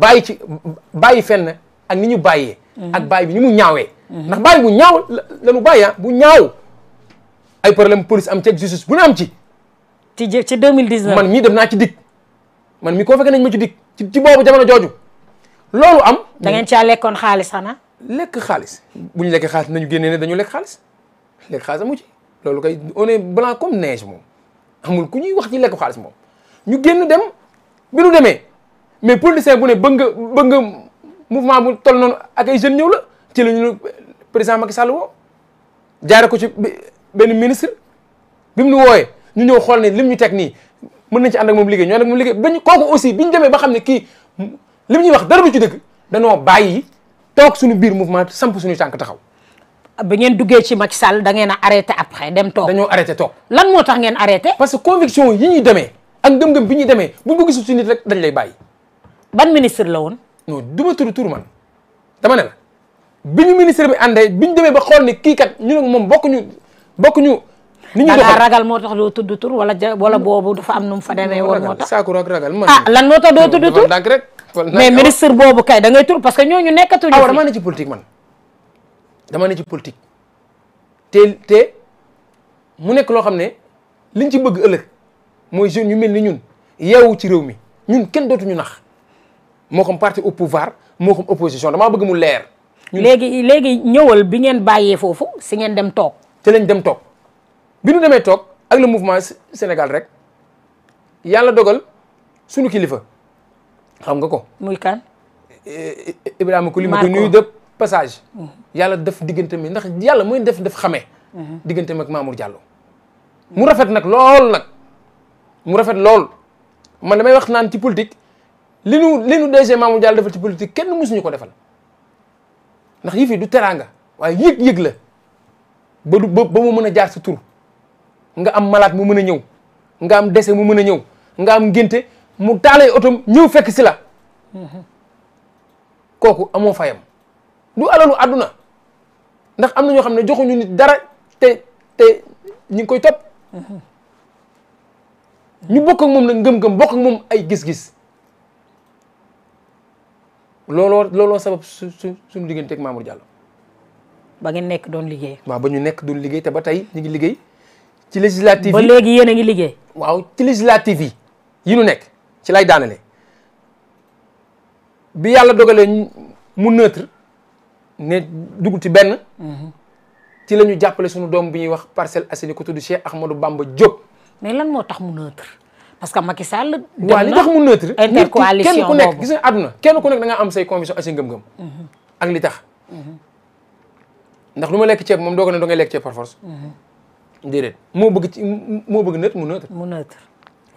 bàyyi ci bàyyi fenn ak ni ñu bàyyee. Mhm. ak bàyyi bi ñu mu ñaawee. Mhm. ndax bàyyi bu ñaaw la nu bàyyi ah, bu ñaaw ay problème police am ci justice bu ne am ci. ci ci 2019 man mii dem naa ci dig man mii ko fekkee nañ ma ci dig ci ci boobu jamono jooju loolu am. da ngeen caa lekkoon xaalis xanaa. lekk xaalis bu ñu lekkee xaalis nañu génnee ne dañu lekk xaalis lekk xaalis amu ci loolu kay on est blanc comme neige moom amul ku ñuy wax ci lekk xaalis moom ñu génn dem bi nu demee. mais politicien bu ne bëgg nga bëgg nga mouvement bu toll noonu ak ay jeunes ñëw la ci la ñu président Macky Sall woo jaare ko ci benn ministre bi mu nu wooyee ñu ñëw xool ne lim ñu teg nii mën nañ ci ànd ak moom liggéey ñu ànd ak moom liggéey bañ kooku aussi bi ñu demee ba xam ne kii lim ñuy wax dara bu ci dëgg danoo bàyyi toog suñu biir mouvement samp suñu tànk taxaw. ba ngeen duggee ci Macky Sall da ngeen a arrêté dem to dañoo arrêté toog. lan moo tax ngeen arrêté. parce que conviction yi ñuy demee ak gëm demee buñ rek dañ lay bàyyi. ban ministre la woon. non du ma tur tur man dama ne bi ñu ministre bi àndee bi ñu demee ba xool ni kii kat ñu ne moom bokkuñu bokkuñu. nit ñi doxal ragal moo tax doo tudd wala ja wala boobu dafa am mu fa demee woon moo tax ragal man ah lan moo tax doo tudd boobu kay da ngay parce que ñooñu nekkatuñu ah, aw dama ne ci dama ne ci politique te mu nekk loo xam ne liñ ci bëgg ëllëg mooy jeunes yu mel ni ñun yeewu ci réew mi ñun kenn dootuñu nax moo xam parti au pouvoir moo xam opposition damaa bëgg mu leer. léegi léegi ñëwal bi ngeen bàyyee foofu si ngeen dem toog. te lañ dem toog bi nu demee toog ak le mouvement Sénégal rek yàlla dogal sunu kilifa xam nga ko. muy kaan eh, eh, Ibrahima Koulibaly ma ko nuyu de passage. Mhm. yàlla def diggante mi ndax yàlla muy def def xamee. Mhm. diggante mi ak Mamour Diallo. mu rafet nag lool nag mu rafet lool man damay wax naan ci politique. li nu li nu DG Mamour Diallo defal ci politique kenn suñu ko defal ndax yii fii du teraanga waaye yëg-yëg la ba du ba mu mën a jaar si tur nga am malaat mu mën a ñëw nga am dese mu mën a ñëw nga am ngénte mu taalay otom ñëw fekk si la kooku amoo fayam du alalu àdduna ndax am na ñoo xam ne joxuñu nit dara te te ñu ngi koy topp mm-hmm. ñu bokk moom nag ngëm-ngëm bokk ak moom ay gis-gis looloo looloo sabab su su suñu diggante ak Mamour Diallo. ba ngeen nekk doon liggéey. waaw ba ñu nekk doon liggéey te ba tey ñu ngi liggéey. ci législative yi ba léegi yéen ngi liggéey. waaw ci législative yi yi nu nekk ci lay daanale bi yàlla dogalee mu neutre ne dugg ci benn. Mhm. ci la jàppale suñu doom bi ñuy wax Parcelles Assainies ko tudd Cheikh Ahmadou Bamba Diop. mais lan moo tax mu neutre. parce que ma Sall. dem waaw li tax mu neutre. intercoalition kenn ku nekk kenn ku nekk da nga am say conviction a say ngëm-ngëm. Mhm. ak li tax. Mhm. ndax lu ma lekk ceeb moom doo ko ne doo ngay lekk ceeb par mhm. moo bëgg ci moo bëgg neutre mu neutre. mu neutre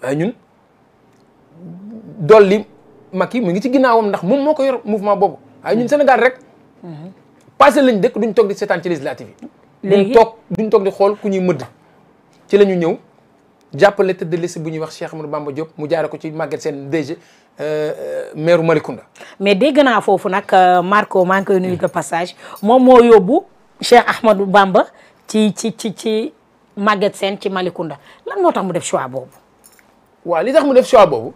waaye ñun dolli Macky mu ngi ci ginnaawam ndax moom moo ko yor mouvement boobu waaye ñun senegal rek. passé lañ dëkk duñ toog di seetaan ci législative toog duñ toog di xool ku ñuy mëdd ci la ñëw. jàppale tëdd si bu ñuy wax Cheikh Amadou Bamba Diop mu jaare ko ci Maguette Sène DG euh, euh, maire Malicounda. mais dégg naa foofu nag euh, Marco maa ngi koy nuyu de passage moom moo yóbbu Cheikh Ahmadou bàmba ci ci ci ci Maguette Sène ci Malicounda lan moo tax mu def choix boobu. waaw li tax mu def choix boobu.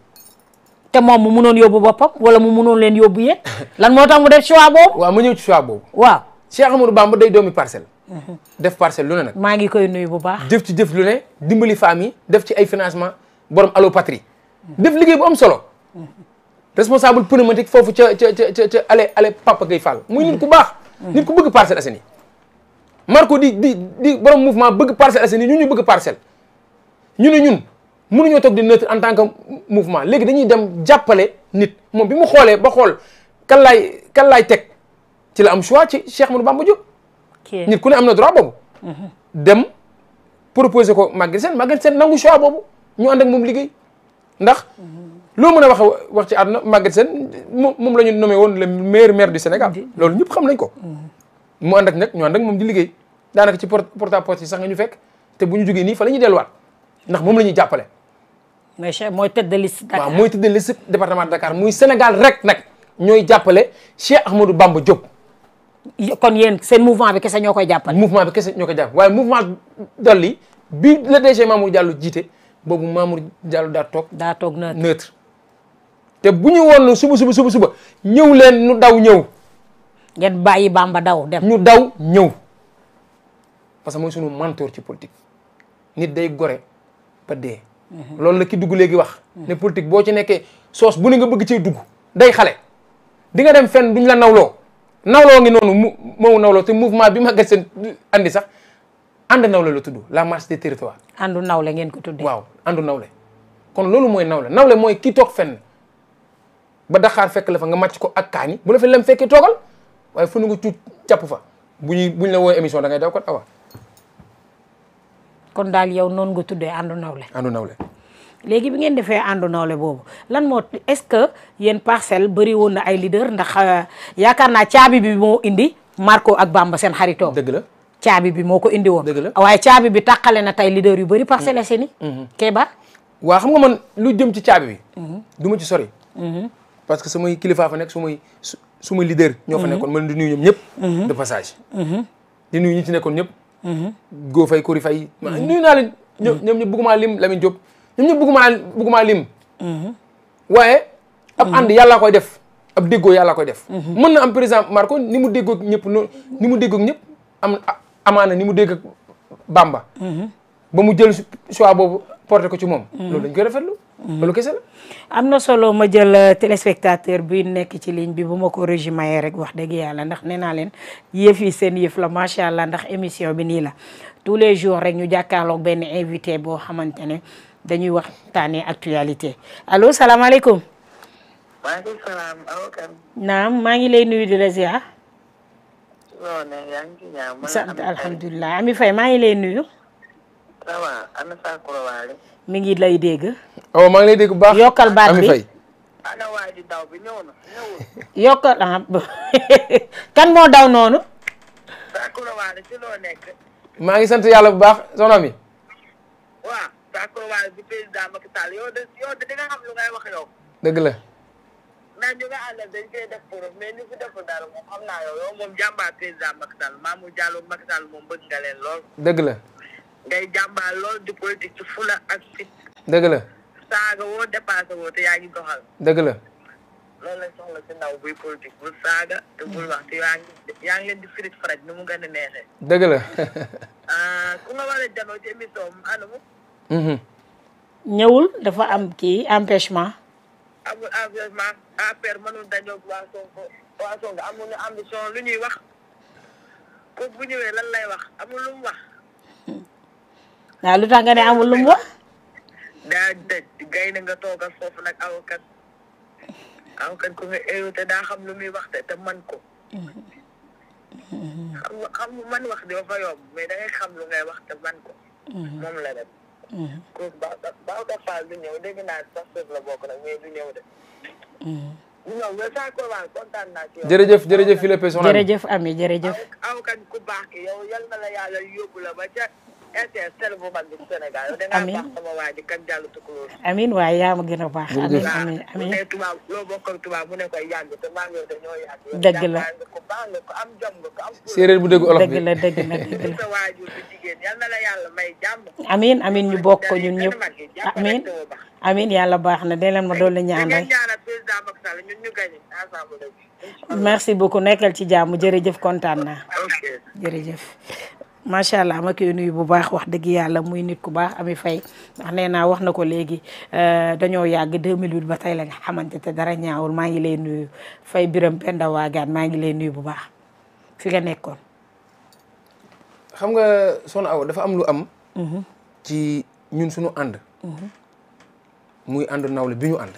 te moom mu munoon yóbbu boppam wala mu munoon leen yóbbu yéen lan moo tax mu def choix boobu. waaw mu ñëw ci choix boobu waaw. Cheikh Amadou Bamba day doomi parcelle. Mhm. def parcelle lu ne nag. maa ngi koy nuyu bu baax. jëf ci jëf lu ne dimbali femmes yi def ci ay financement borom allopatrie. Mhm. def liggéey bu am solo. Mhm. responsable pneumatique foofu ca ca ca ca ale ale Papa Gueye Fall muy nit ku baax. nit ku bëgg Parcelles Assainies. Marco di di di borom mouvement bëgg Parcelles Assainies ñun ñu bëgg parcelle. ñu ne ñun ñoo toog di neutre en tant que mouvement léegi dañuy dem jàppale nit moom bi mu xoolee ba xool kan laay kan laay teg. ci la am choix ci Cheikh Ahmadou Bamba Diop nit ku ne am na droit boobu mhm. dem proposé ko Maguette Sène Maguette Sène nangu choix boobu ñu ànd ak moom liggéey ndax mhm. loo mën a wax wax ci àdduna Maguette Sène moom la ñu nommé woon le meilleur maire du Sénégal loolu ñëpp xam nañ ko mhm. mu ànd ak nag ñu ànd ak moom di liggéey daanaka ci porte à porte yi sax nga ñu fekk te bu ñu jógee nii fa la ñuy delluwaat ndax moom la ñuy jàppale mooy Cheikh mooy tête de Dakar mooy tête de liste département de Dakar muy Sénégal rek nag ñooy jàppale Cheikh Ahmadou Bamba Diop kon yéen seen mouvement bi kese ñoo koy jàppale. mouvement bi kese ñoo koy jàppale waaye mouvement dolli bi le DG Mamour Diallo jiite boobu Mamour jàll daa toog. daa toog neutre te bu ñu woon suba suba suba suba ñëw leen ñu daw ñëw. ngeen bàyyi baam ba daw dem. ñu daw ñëw parce que mooy sunu mentor ci politique nit day gore ba dee. Mhm. loolu la ki dugg léegi wax. Mhm. ne politique boo ci nekkee soos bu ni nga bëgg cee dugg day xale di nga dem fenn duñ la nawloo. nawloo ngi noonu mu moomu nawloo te mouvement bi Maguette Sène andi sax ànd nawle la tudd la marche des territoires. àndu nawle ngeen ko tuddee. waaw àndu nawle kon loolu mooy nawle nawle mooy kii toog fen ba daxaar fekk la fa nga màcc ko ak kaani bu la fi lem fekkee toogal waaye fu nu nga tuut càpp fa bu ñuy bu ñu la woowee émission da ngay daw kon awa. kon daal yow noonu nga tuddee àndu nawle. àndu nawle. léegi bi ngeen defee àndu nawle boobu lan moo est-ce que yéen parcelle bëri woon na ay leader ndax euh, yaakaar naa caabi bi moo indi Marco ak Bamba seen xaritoo dëgg la caabi bi moo ko indi woon dëgg la waaye caabi bi tàqale na tey leader yu bëri Parcelles mm-hmm. Assainies mm-hmm. Kéba waaw xam nga man lu jëm ci caabi bi mm-hmm. du ma ci sori parce que samay kilifa fa nekk su may su may leader ñoo fa nekkoon man di nuyu ñoom ñëpp de passage di nuyu ñi ci nekkoon ñëpp góo fay kori fay nuyu naa ñoom ñëpp bëgguma bëgguma lim. Mhm. waaye ab mhm. ànd yàllaa koy def ab déggoo yàllaa koy def. Mhm. mën na am par exemple Marco ni mu déggoo ñëpp noonu mu déggoo ñëpp am amaana ni mu dégg Bamba. ba mu jël choix boobu porte ko ci moom. loolu dañ koy rafetlu. loolu kese am na solo ma jël euh, téléspectateur bi nekk ci ligne bi bu ma ko régimé rek wax dëgg yàlla ndax nee naa leen yëf yi seen yëf la macha allah ndax émission bi nii la tous les jours rek ñu jàkkaarloog benn invité boo xamante ne. dañuy waxtaanee actualité allo salaamaaleykum. maaleykum salaam naam maa ngi lay nuyu di la ziar. non ne Ami Faye maa ngi lay nuyu. ça va mi ngi lay dégg. waaw oh, maa ngi lay dégg baax yokkal baat bi Ami Faye. ana ah, kan moo daw noonu. Sakura Waale ci loo maa ngi sant yàlla bu baax soxna mi. accrobatie bi président Macky Sall yow de yow de di nga xam lu ngay wax yow. dëgg la. ndax ñu nga àndal dañ koy def pour mais ñu fi deful dara moom xam naa yow yow moom jàmbaar président Macky Sall Mamour Diallo Macky Sall moom bëgg nga leen lool. dëgg la. ngay jàmbaar lool di politique ci fula ak fit. dëgg la. saaga woo dépassé woo te yaa ngi doxal. dëgg la. loolu lañ soxla ci ndaw buy politique bul saaga te bul wax te yaa ngi yaa ngi leen di firit faraj ni mu gën a neexee. dëgg la. Ah, ku nga war a janoo ci émission am ñëwul dafa am kii empêchement. amul empêchement APR mënul dañoo waa Sonko waa Sonko lu ñuy wax ko bu ñëwee lan lay wax amul lum wax. waaw lu tax nga ne amul lu mu wax. daa daj gay nga toogal foofu nag awkat awkat ku nga invité daa xam lu muy wax te te man ko. xam nga man wax dafa yomb mais da ngay xam lu ngay wax te man ko. Mm-hmm. moom cause ba Babacar Fall du ñëw dégg naa sax sëb la bokk nag mais du ñëw de. non mais saa ko waay kontaan naa ci la yàlla yóbbu la ba RTS télé bu mag bi waaye yaa ma a baax. amiin amiin amiin bu ne tubaab loo bokkal tubaab bu ne koy la ko baax nga bu dégg olof la dëgg la dëgg na la ñu bokk ko ñun ñëpp. amiin yàlla baax na dee leen ma doon la ñaan rek. merci beaucoup nekkal ci jàmm jërëjëf kontaan naa macha allah ma koy nuyu bu baax wax dëgg yàlla muy nit ku baax ami fay ndax nee naa wax na ko léegi euh, dañoo yàgg 2008 ba tey la nga xamante te dara ñaawul maa ngi lay nuyu fay biram penda maa ngi lay nuyu bu baax fi nga nekkoon. xam nga son aw dafa am lu am. Mhm. ci ñun suñu ànd. Mhm. muy ànd nawle bi ñu ànd.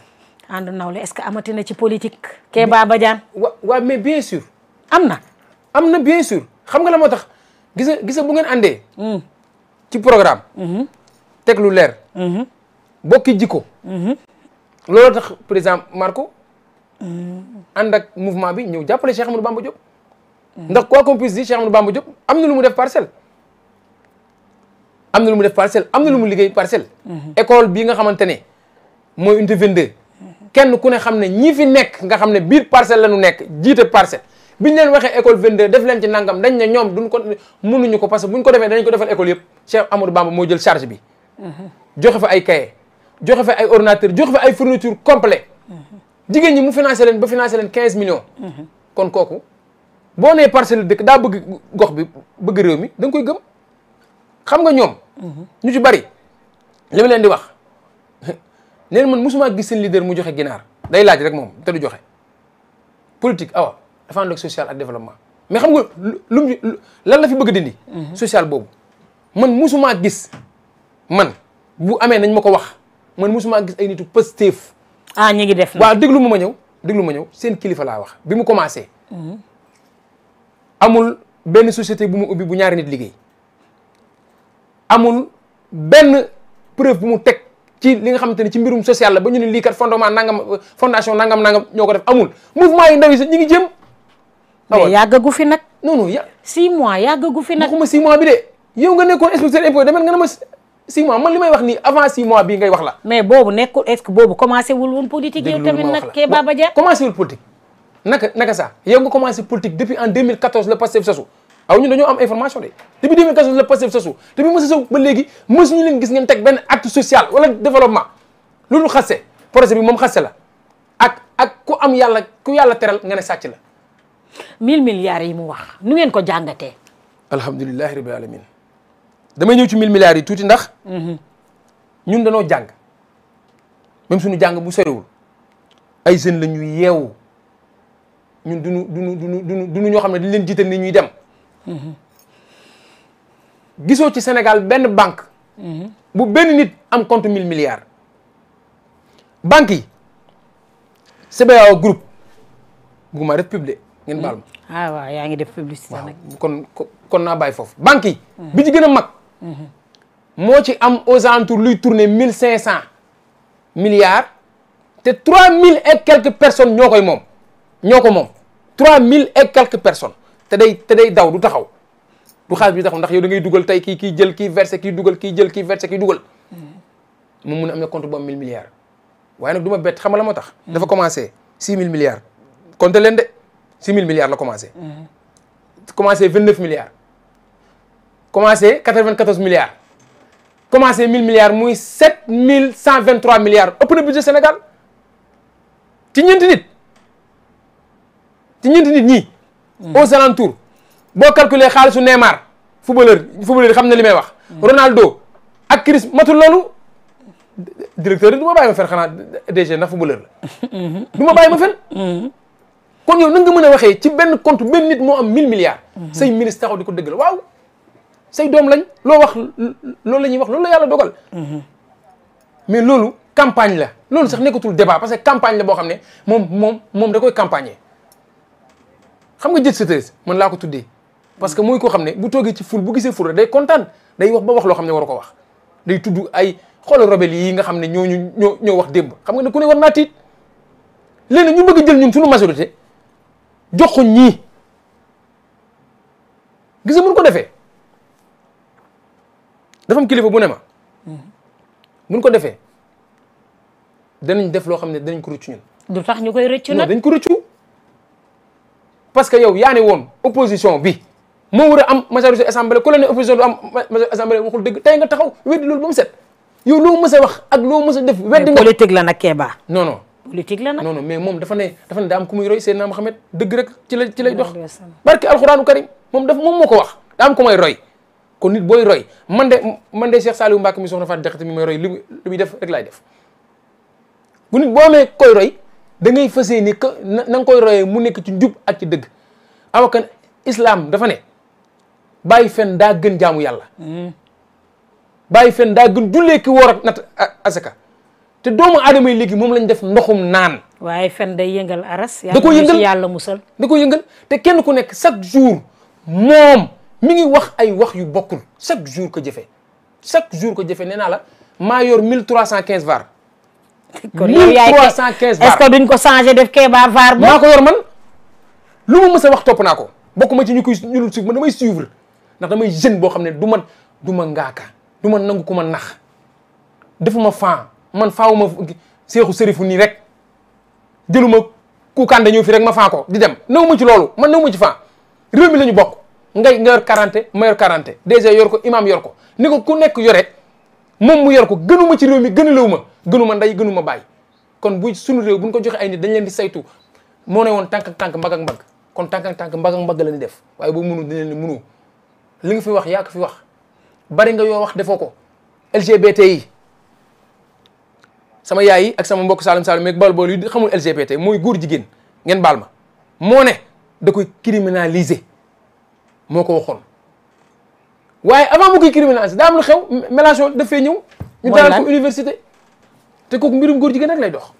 ànd nawle est-ce que amati na ci politique. Kéba Badiane. wa waaw mais bien sûr. am na. am na bien sûr xam nga la moo tax. gis gis nga bu ngeen àndee. Hmm. ci programme. Hmm. teg lu leer. Hmm. bokki jikko. loolu tax exemple Marco. ànd ak mouvement bi ñëw jàppale Cheikh Amadou Bamba Diop. ndax quoi qu'on di dire Cheikh Amadou Bamba Diop am na lu mu def parcelle. am na lu mu def parcelle am na lu mu liggéey parcelle. école bii nga xamante ne mooy unité 22. kenn ku ne xam ne ñi fi nekk nga xam ne biir parcelle la ñu nekk jiite parcelle. biñ leen waxee école 22 def leen ci nangam dañ ne ñoom duñ ko mënuñu ko parce que buñ ko defee dañ ko defal école yëpp Cheikh Amadou Bamba moo jël charge bi joxe fa ay cahier joxe fa ay ordinateur joxe fa ay fourniture complet jigéen ñi mu financé leen ba financé leen 15 millions kon kooku boo nee parcelle dëkk daa bëgg gox bi bëgg réew mi da koy gëm xam nga ñoom ñu ci bari li mu leen di wax neen man mosuma gis seen leader mu joxe ginaar day laaj rek moom te joxe politique awa dafa ànd ak social mais xam nga lu lan la fi bëgg dindi mhm. social boobu man musumaa gis man bu amee nañ ma ko wax man musumaa gis ay nitu positif ah ñu ngi def waaw déglu ma ma ñëw déglu ma ñëw seen kilifa laa wax bi mu commencé mhm. amul benn société bu mu ubbi bu ñaari nit liggéey amul benn preuve bu mu teg ci li nga xamante ne ci mbirum social la ba ñu ne lii kat fondement nangam fondation nangam nangam ñoo ko def amul mouvement yi ndaw yi sax ñi ngi jëm Ah mais yàggagu fi nag. non non ya. 6 mois yàggagu fi nag. waxuma 6 mois bi de yow nga nekkoon inspecteur impôt demal nga ne ma 6 mois man li may wax nii avant 6 mois bii ngay wax la. mais boobu nekkul est-ce que boobu commencé wul woon politique yow tamit nag Kéba Badiane. commencé wul politique naka naka sax yow nga commencé politique depuis en 2014 la Pastef sasu aw ñu dañoo am information de depuis 2014 la Pastef sasu te bi mos a ba bi moom xase la ak ak ku am yàlla ku yàlla teral nga ne sàcc la. mille milliards yi mu wax nu ngeen ko jàngatee. alhamdulilah rabbil alamin damay ñëw ci mille milliards yi tuuti ndax. Mhm. ñun danoo jàng même suñu jàng bu soriwul ay jeunes la ñuy yeewu ñun duñu duñu duñu duñu duñu ñoo xam ne dañ leen jiital ni ñuy dem. Mhm. gisoo ci senegal benn bank mhm. bu benn nit am compte mille milliards. banque yi CBAO groupe bugguma def publier. ngeen baal ma. Hmm? Ah, yaa ngi def publicité nag. kon kon naa bàyyi foofu banque hmm. bi ci gën a mag. Hmm. moo ci am aux alentours luy tourner mille cinq cent milliards te trois mille et quelques personnes ñoo koy moom ñoo ko moom trois mille et quelques personnes te day te day daw du taxaw du xaalis bi taxaw ndax yow da ngay dugal tey kii kii jël ki versé kii dugal kii jël kii versé ki dugal mu mun a am na compte bu am mille milliards waaye nag du ma bett xam nga la moo tax dafa commencé six mille milliards six mille milliards la commencé. Mhm. commencé vingt neuf milliards. commencé quatre vingt quatorze milliards. commencé mille milliards muy sept mille cent vingt trois milliards ëpp na budget Sénégal ci ñeenti nit ci ñeenti nit ñii. Mhm. aux alentours boo calculer xaalisu Neymar footballeur footballeur xam na li may wax. Mhm. Ronaldo ak Chris matul loolu directeur yi du ma bàyyi ma fen xanaa DG ndax footballeur du ma bàyyi ma fen kon yow na nga mën a waxee ci benn compte benn nit moo am 1000 milliards. Mhm. say ministre taxaw di ko dëggal waaw say doom lañ loo wax loolu la ñuy wax loolu la yàlla dogal. Mhm. mais loolu campagne la loolu sax nekkatul débat parce que campagne boo xam ne moom moom moom da koy campagner. xam nga jët sétérés man laa ko tuddee parce que mooy koo xam ne bu toogee ci ful bu gisee ful rek day kontaan day wax ba wax loo xam ne waru ko wax day tudd ay xoola rebel yi nga xam ne ñooñu ñoo ñoo wax démb xam nga ne ku ne war naa tiit léegi ñu bëgg jël ñun suñu majorité jox ko ñii gis mun ko defee dafa am bu ne ma. mun ko defee danañ def loo xam ne danañ ko rëccu ñun. du tax ñu koy rëccu nag dañ ko rëccu. parce que yow yaa ne woon opposition bi moo war a am majorité assemblée ku la ne opposition du am majorité assemblée waxul dëgg tey nga taxaw weddi loolu ba mu set yow loo mës a wax ak loo mës a def. weddi nga politique la nag Kéba non non. politique la nag non mais moom dafa ne dafa ne daa am ku muy roy Seydina Mohamed dëgg rek ci la ci lay dox barke alxuraanu karim moom dafa moom moo ko wax daa am ku may roy kon nit booy roy man de man de Cheikh Saliou Mbacke mi soxna Fatou Diakhaté mi may roy li muy def rek laay def bu nit boo amee koy roy da ngay fas yéene que na koy royee mu nekk ci njub ak ci dëgg awakan islaam dafa ne bàyyi fen daa gën jaamu yàlla hmm. bàyyi fen daa gën jullee ki woor ak nat asaka te doomu aadama yi léegi moom lañ def ndoxum naan. waaye fen day yëngal aras. da ko yëngal yàlla musal. da ko yëngal te kenn ku nekk chaque jour moom mi ngi wax ay wax yu bokkul chaque jour ko jëfe chaque jour ko jëfe nee naa la maa yor 1315 var. kon yow yaay 1315 var est-ce que duñ ko changé def keebaar var boobu. maa ko yor man lu ma mës wax topp naa ko bokkuma ci ñu koy ñu dul suivre man damay suivre ndax damay jeune boo xam ne du ma du ma ngaaka du ma nangu ku ma nax defuma fan. man faaw ma seexu sërifu nii rek jëluma ku kànda ñëw fi rek ma faa ko di dem naw ma ci loolu man na ma ci faa réew mi la bokk ngay nga yor 40 ma yor 40 déjà yor ko imam yor ko ni ko ku nekk yore moom mu yor ko gënuma ci réew mi gënu lew ma gënu ma ndey gënu ma bàyyi kon bu suñu réew buñ ko joxe ay nit dañ leen di saytu moo ne woon tànk ak tànk mbag ak mbagg kon tànk ak tànk mbag ak mbagg def waaye boo mënu dañ leen mënu li nga fi wax yaa ko fi wax bari nga yoo wax defoo ko LGBT yi sama yaay yi ak sama mbokk Saalum Saalum meeg bool bool yi xamul LGBT mooy góor jigéen ngeen baal ma moo ne da koy criminaliser moo ko waxoon waaye avant mu koy criminaliser daa am xew Mélenchon daf fee ñëw. ñu dalal ko te kooku mbirum góor jigéen rek lay dox.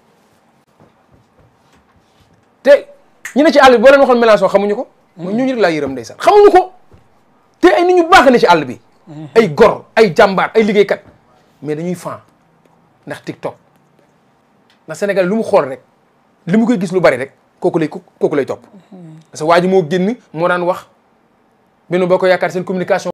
te ñu ne ci àll bi boo leen waxoon Mélenchon xamuñu ko. mooy hmm. ñooñu rek laa yërëm ndeysaan xamuñu ko te ay nit ñu baax ne ci àll bi. Hmm. ay gor ay jàmbaar ay liggéeykat mais dañuy fan ndax TikTok. ndax Sénégal lu mu xool rek li mu koy gis lu bari rek kooku lay kooku lay topp mhm. parce que waa ji moo génn moo daan wax benn boo ko yaakaar seen communication